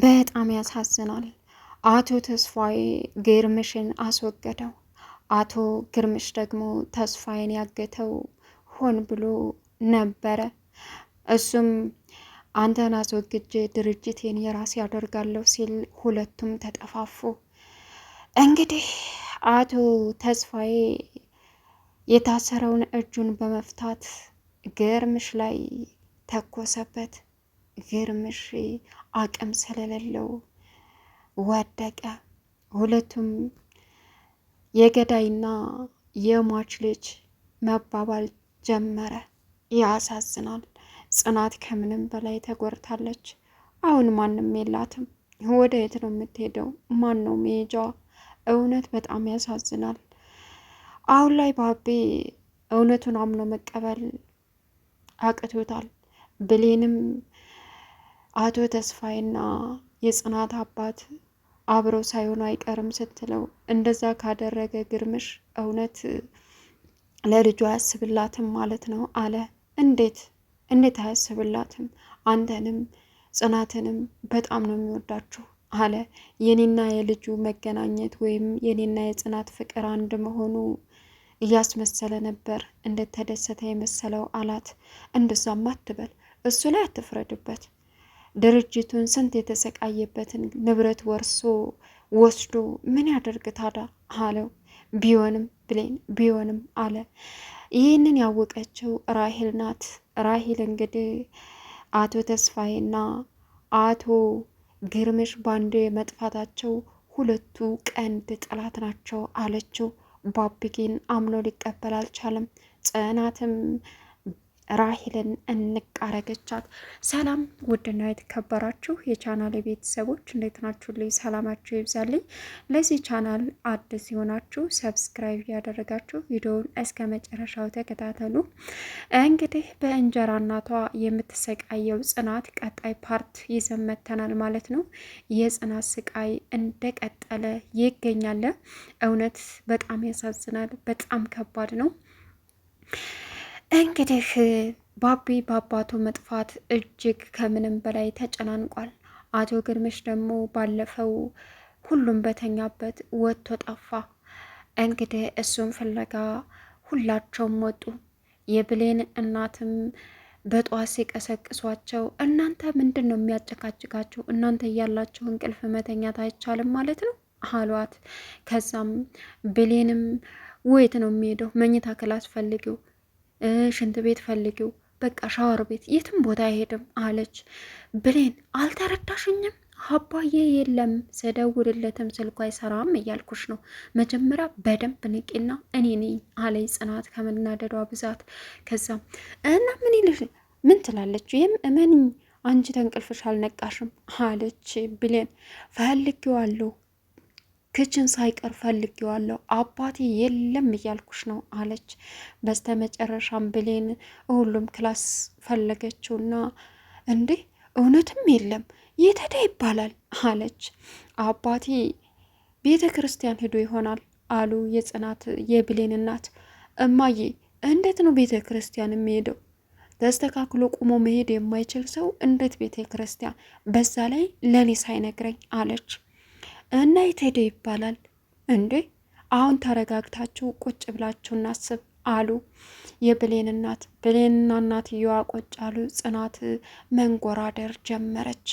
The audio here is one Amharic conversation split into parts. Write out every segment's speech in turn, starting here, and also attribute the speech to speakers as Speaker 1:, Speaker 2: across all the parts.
Speaker 1: በጣም ያሳዝናል። አቶ ተስፋዬ ግርምሽን አስወገደው። አቶ ግርምሽ ደግሞ ተስፋዬን ያገተው ሆን ብሎ ነበረ። እሱም አንተን አስወግጄ ድርጅቴን የራሴ ያደርጋለሁ ሲል ሁለቱም ተጠፋፉ። እንግዲህ አቶ ተስፋዬ የታሰረውን እጁን በመፍታት ግርምሽ ላይ ተኮሰበት። ግርምሽ አቅም ስለሌለው ወደቀ። ሁለቱም የገዳይና የሟች ልጅ መባባል ጀመረ። ያሳዝናል። ጽናት ከምንም በላይ ተጎርታለች። አሁን ማንም የላትም። ወደ የት ነው የምትሄደው? ማን ነው መሄጃ? እውነት በጣም ያሳዝናል። አሁን ላይ ባቤ እውነቱን አምኖ መቀበል አቅቶታል። ብሌንም አቶ ተስፋዬና የጽናት አባት አብረው ሳይሆኑ አይቀርም ስትለው እንደዛ ካደረገ ግርምሽ እውነት ለልጁ አያስብላትም ማለት ነው አለ። እንዴት እንዴት አያስብላትም? አንተንም ጽናትንም በጣም ነው የሚወዳችሁ አለ። የኔና የልጁ መገናኘት ወይም የኔና የጽናት ፍቅር አንድ መሆኑ እያስመሰለ ነበር እንደተደሰተ የመሰለው አላት። እንደዛም አትበል፣ እሱ ላይ አትፍረድበት ድርጅቱን ስንት የተሰቃየበትን ንብረት ወርሶ ወስዶ ምን ያደርግ ታዳ አለው። ቢሆንም ብሌን ቢሆንም አለ። ይህንን ያወቀችው ራሄል ናት። ራሄል እንግዲህ አቶ ተስፋዬና አቶ ግርምሽ ባንዴ መጥፋታቸው ሁለቱ ቀንድ ጠላት ናቸው አለችው። ባቢጌን አምኖ ሊቀበል አልቻለም። ጽናትም ራሂልን እንቃረገቻት። ሰላም ውድና የተከበራችሁ የቻናል ቤተሰቦች እንዴት ናችሁልኝ? ሰላማችሁ ይብዛልኝ። ለዚህ ቻናል አዲስ ሲሆናችሁ ሰብስክራይብ ያደረጋችሁ ቪዲዮውን እስከ መጨረሻው ተከታተሉ። እንግዲህ በእንጀራ እናቷ የምትሰቃየው ጽናት ቀጣይ ፓርት ይዘን መጥተናል ማለት ነው። የጽናት ስቃይ እንደቀጠለ ይገኛል። እውነት በጣም ያሳዝናል። በጣም ከባድ ነው። እንግዲህ ባቢ በአባቱ መጥፋት እጅግ ከምንም በላይ ተጨናንቋል። አቶ ግርምሽ ደግሞ ባለፈው ሁሉም በተኛበት ወጥቶ ጠፋ። እንግዲህ እሱን ፍለጋ ሁላቸውም ወጡ። የብሌን እናትም በጠዋት ሲቀሰቅሷቸው እናንተ ምንድን ነው የሚያጨቃጭቃችሁ? እናንተ እያላችሁ እንቅልፍ መተኛት አይቻልም ማለት ነው አሏት። ከዛም ብሌንም ውየት ነው የሚሄደው? መኝታ ክላስ ፈልጊው ሽንት ቤት ፈልጊው፣ በቃ ሻወር ቤት፣ የትም ቦታ አይሄድም አለች ብሌን። አልተረዳሽኝም አባዬ የለም ስደውልለትም ስልኩ አይሰራም እያልኩሽ ነው። መጀመሪያ በደንብ ንቂና እኔ ነኝ አለኝ ጽናት ከመናደዷ ብዛት። ከዛ እና ምን ይልሽ ምን ትላለች? ይህም እመንኝ አንቺ ተንቅልፍሽ አልነቃሽም አለች ብሌን። ፈልጊዋለሁ ክችን ሳይቀር ፈልጌዋለሁ። አባቴ የለም እያልኩሽ ነው አለች። በስተመጨረሻም ብሌን ሁሉም ክላስ ፈለገችውና እንዴ እውነትም የለም የተዳ ይባላል አለች። አባቴ ቤተ ክርስቲያን ሄዶ ይሆናል አሉ የጽናት የብሌን እናት። እማዬ እንዴት ነው ቤተ ክርስቲያን የሚሄደው? ተስተካክሎ ቁሞ መሄድ የማይችል ሰው እንዴት ቤተ ክርስቲያን? በዛ ላይ ለእኔ ሳይነግረኝ አለች። እና የት ይባላል እንዴ? አሁን ተረጋግታችሁ ቁጭ ብላችሁ እናስብ አሉ የብሌን እናት። ብሌንና እናትየዋ ቁጭ አሉ። ጽናት መንጎራደር ጀመረች።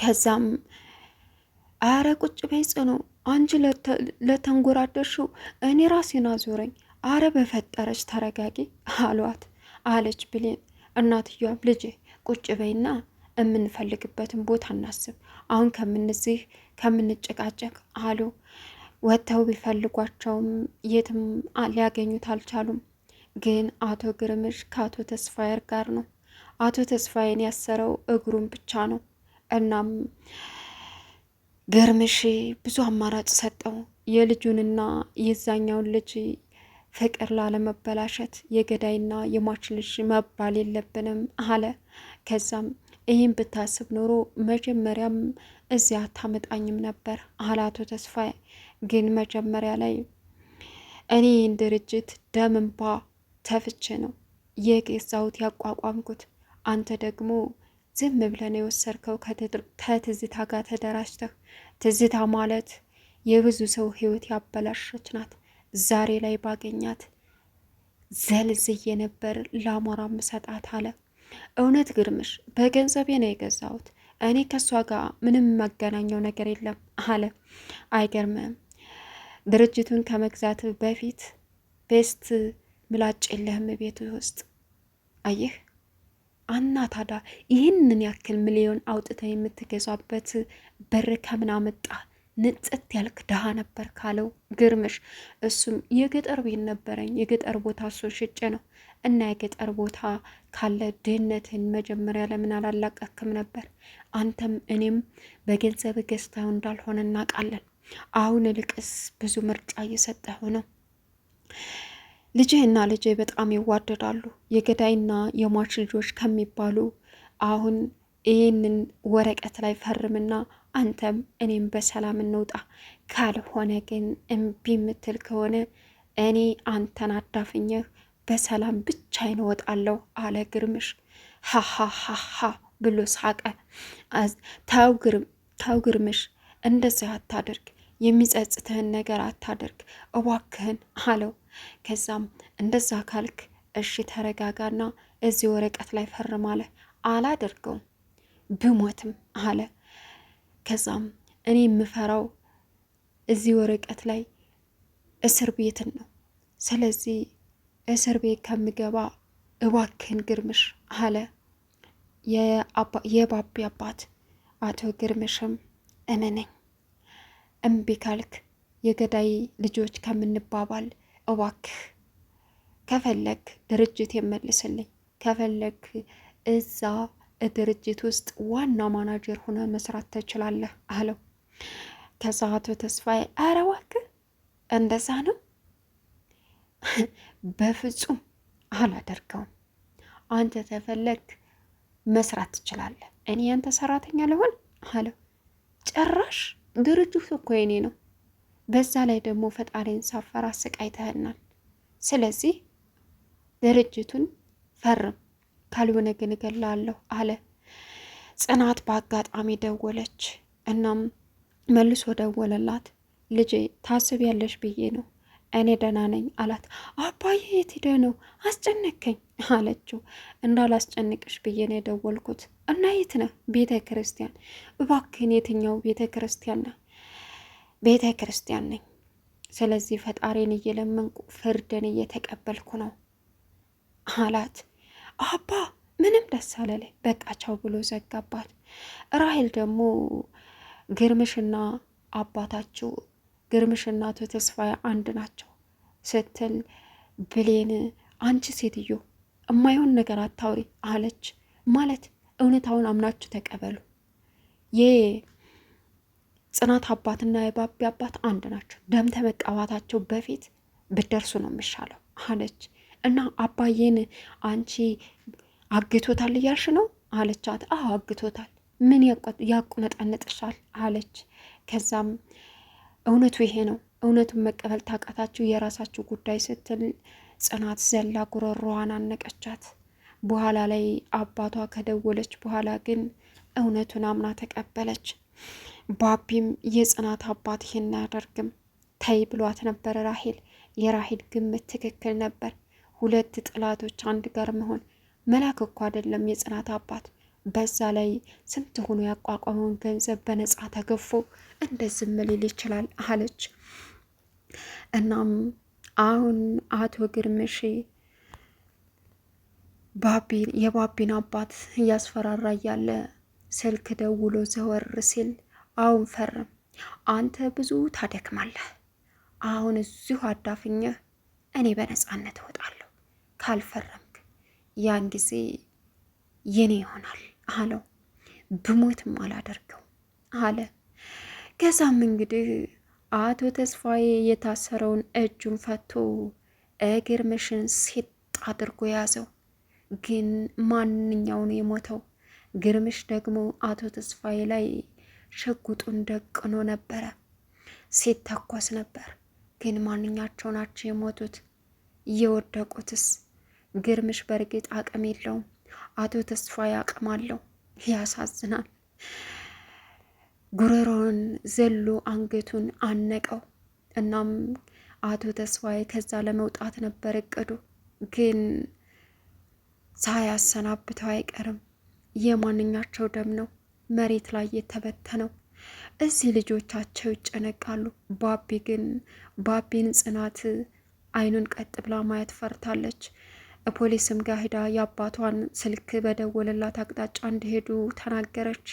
Speaker 1: ከዛም አረ ቁጭ በይ ጽኑ፣ አንቺ ለተንጎራደርሽው እኔ ራሴን አዞረኝ። አረ በፈጠረች ተረጋጊ አሏት አለች ብሌን። እናትየዋ ልጄ ቁጭ በይና የምንፈልግበትን ቦታ እናስብ። አሁን ከምንዚህ ከምንጨቃጨቅ አሉ ወጥተው ቢፈልጓቸውም የትም ሊያገኙት አልቻሉም። ግን አቶ ግርምሽ ከአቶ ተስፋየር ጋር ነው። አቶ ተስፋዬን ያሰረው እግሩን ብቻ ነው። እናም ግርምሽ ብዙ አማራጭ ሰጠው። የልጁንና የዛኛውን ልጅ ፍቅር ላለመበላሸት የገዳይና የሟች ልጅ መባል የለብንም አለ። ከዛም ይህን ብታስብ ኖሮ መጀመሪያም እዚያ አታመጣኝም ነበር አላቶ ተስፋዬ። ግን መጀመሪያ ላይ እኔ ይህን ድርጅት ደም እንባ ተፍቼ ነው የገዛሁት ያቋቋምኩት። አንተ ደግሞ ዝም ብለን የወሰድከው ከትዝታ ጋር ተደራጅተህ። ትዝታ ማለት የብዙ ሰው ህይወት ያበላሸች ናት። ዛሬ ላይ ባገኛት ዘልዝዬ ነበር ለአሞራ ምሰጣት አለ እውነት ግርምሽ በገንዘቤ ነው የገዛሁት። እኔ ከእሷ ጋር ምንም የማገናኘው ነገር የለም አለ። አይገርምም። ድርጅቱን ከመግዛት በፊት ቤስት ምላጭ የለህም ቤት ውስጥ አየህ። አና ታዳ ይህንን ያክል ሚሊዮን አውጥተ የምትገዛበት በር ከምን አመጣ ንጽት ያልክ ድሃ ነበር ካለው ግርምሽ እሱም የገጠር ቤት ነበረኝ የገጠር ቦታ እሱን ሽጬ ነው እና የገጠር ቦታ ካለ ድህነትን መጀመሪያ ለምን አላላቀክም ነበር? አንተም እኔም በገንዘብ ገዝተው እንዳልሆነ እናውቃለን። አሁን ልቅስ ብዙ ምርጫ እየሰጠው ነው። ልጅህና ልጄ በጣም ይዋደዳሉ። የገዳይና የሟች ልጆች ከሚባሉ አሁን ይህንን ወረቀት ላይ ፈርምና አንተም እኔም በሰላም እንውጣ፣ ካልሆነ ግን እምቢ የምትል ከሆነ እኔ አንተን አዳፍኘህ በሰላም ብቻዬን እወጣለሁ አለ ግርምሽ። ሃሃሃሃ ብሎ ሳቀ። ተው ግርምሽ፣ እንደዚህ አታደርግ፣ የሚጸጽትህን ነገር አታደርግ እባክህን አለው። ከዛም እንደዛ ካልክ እሺ ተረጋጋና እዚህ ወረቀት ላይ ፈርም አለ። አላደርገውም ብሞትም አለ ከዛም እኔ የምፈራው እዚህ ወረቀት ላይ እስር ቤትን ነው። ስለዚህ እስር ቤት ከምገባ እባክህን ግርምሽ አለ የባቢ አባት። አቶ ግርምሽም እመነኝ፣ እምቢ ካልክ የገዳይ ልጆች ከምንባባል እባክህ ከፈለግ ድርጅት የመልስልኝ ከፈለግ እዛ ድርጅት ውስጥ ዋና ማናጀር ሆነ መስራት ትችላለህ አለው። ከዛ አቶ ተስፋዬ አረ እባክህ እንደዛ ነው በፍጹም አላደርገውም። አንተ ተፈለግ መስራት ትችላለህ፣ እኔ ያንተ ሰራተኛ ልሆን አለው። ጭራሽ ድርጅቱ እኮ የኔ ነው። በዛ ላይ ደግሞ ፈጣሪን ሳፈር አሰቃይተህናል። ስለዚህ ድርጅቱን ፈርም ካልሆነ ግን እገላለሁ አለ። ጽናት በአጋጣሚ ደወለች። እናም መልሶ ደወለላት። ልጄ ያለሽ ብዬ ነው እኔ ደህና ነኝ አላት። አባዬ የት ሄደህ ነው አስጨነከኝ አለችው። እንዳላስጨንቅሽ ብዬ ነው የደወልኩት። እና የት ነህ? ቤተ ክርስቲያን። እባክህን የትኛው ቤተ ክርስቲያን ነህ? ቤተ ክርስቲያን ነኝ። ስለዚህ ፈጣሪን እየለመንኩ ፍርድን እየተቀበልኩ ነው አላት። አባ ምንም ደስ አለለ በቃቸው ብሎ ዘጋባት። ራሄል ደግሞ ግርምሽና አባታችሁ ግርምሽና አቶ ተስፋዬ አንድ ናቸው ስትል ብሌን አንቺ ሴትዮ እማይሆን ነገር አታውሪ አለች። ማለት እውነታውን አምናችሁ ተቀበሉ። የጽናት አባትና የባቢ አባት አንድ ናቸው። ደም ከመቃባታቸው በፊት ብትደርሱ ነው የሚሻለው አለች። እና አባዬን አንቺ አግቶታል እያልሽ ነው አለቻት። አዎ አግቶታል። ምን ያቁነጠነጥሻል? አለች። ከዛም እውነቱ ይሄ ነው፣ እውነቱን መቀበል ታቃታችሁ የራሳችሁ ጉዳይ ስትል ጽናት ዘላ ጉሮሮዋን አነቀቻት። በኋላ ላይ አባቷ ከደወለች በኋላ ግን እውነቱን አምና ተቀበለች። ባቢም የጽናት አባት ይሄን አያደርግም ተይ ብሏት ነበር ራሄል የራሄል ግምት ትክክል ነበር። ሁለት ጥላቶች አንድ ጋር መሆን መላክ እኮ አይደለም የጽናት አባት። በዛ ላይ ስንት ሆኖ ያቋቋመውን ገንዘብ በነፃ ተገፎ እንደዚህ መሌል ይችላል አለች። እናም አሁን አቶ ግርምሽ ባቢን የባቢን አባት እያስፈራራ እያለ ስልክ ደውሎ ዘወር ሲል አሁን ፈርም፣ አንተ ብዙ ታደክማለህ። አሁን እዚሁ አዳፍኝህ እኔ በነፃነት እወጣለሁ ካልፈረምክ ያን ጊዜ የኔ ይሆናል አለው። ብሞትም አላደርገው አለ። ከዛም እንግዲህ አቶ ተስፋዬ የታሰረውን እጁን ፈቶ እግርምሽን ሴት አድርጎ ያዘው። ግን ማንኛው ነው የሞተው? ግርምሽ ደግሞ አቶ ተስፋዬ ላይ ሽጉጡን ደቅኖ ነበረ፣ ሲተኮስ ነበር። ግን ማንኛቸው ናቸው የሞቱት? የወደቁትስ ግርምሽ በእርግጥ አቅም የለውም። አቶ ተስፋ አቅም አለው። ያሳዝናል። ጉሮሮውን ዘሎ አንገቱን አነቀው። እናም አቶ ተስፋዬ ከዛ ለመውጣት ነበር እቅዱ፣ ግን ሳያሰናብተው አይቀርም። የማንኛቸው ደም ነው መሬት ላይ የተበተነው? እዚህ ልጆቻቸው ይጨነቃሉ። ባቢ ግን ባቢን ጽናት አይኑን ቀጥ ብላ ማየት ፈርታለች። ፖሊስም ጋር ሂዳ የአባቷን ስልክ በደወለላት አቅጣጫ እንዲሄዱ ተናገረች።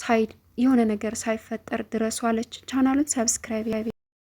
Speaker 1: ሳይድ የሆነ ነገር ሳይፈጠር ድረሱ አለች። ቻናሉን ሰብስክራይብ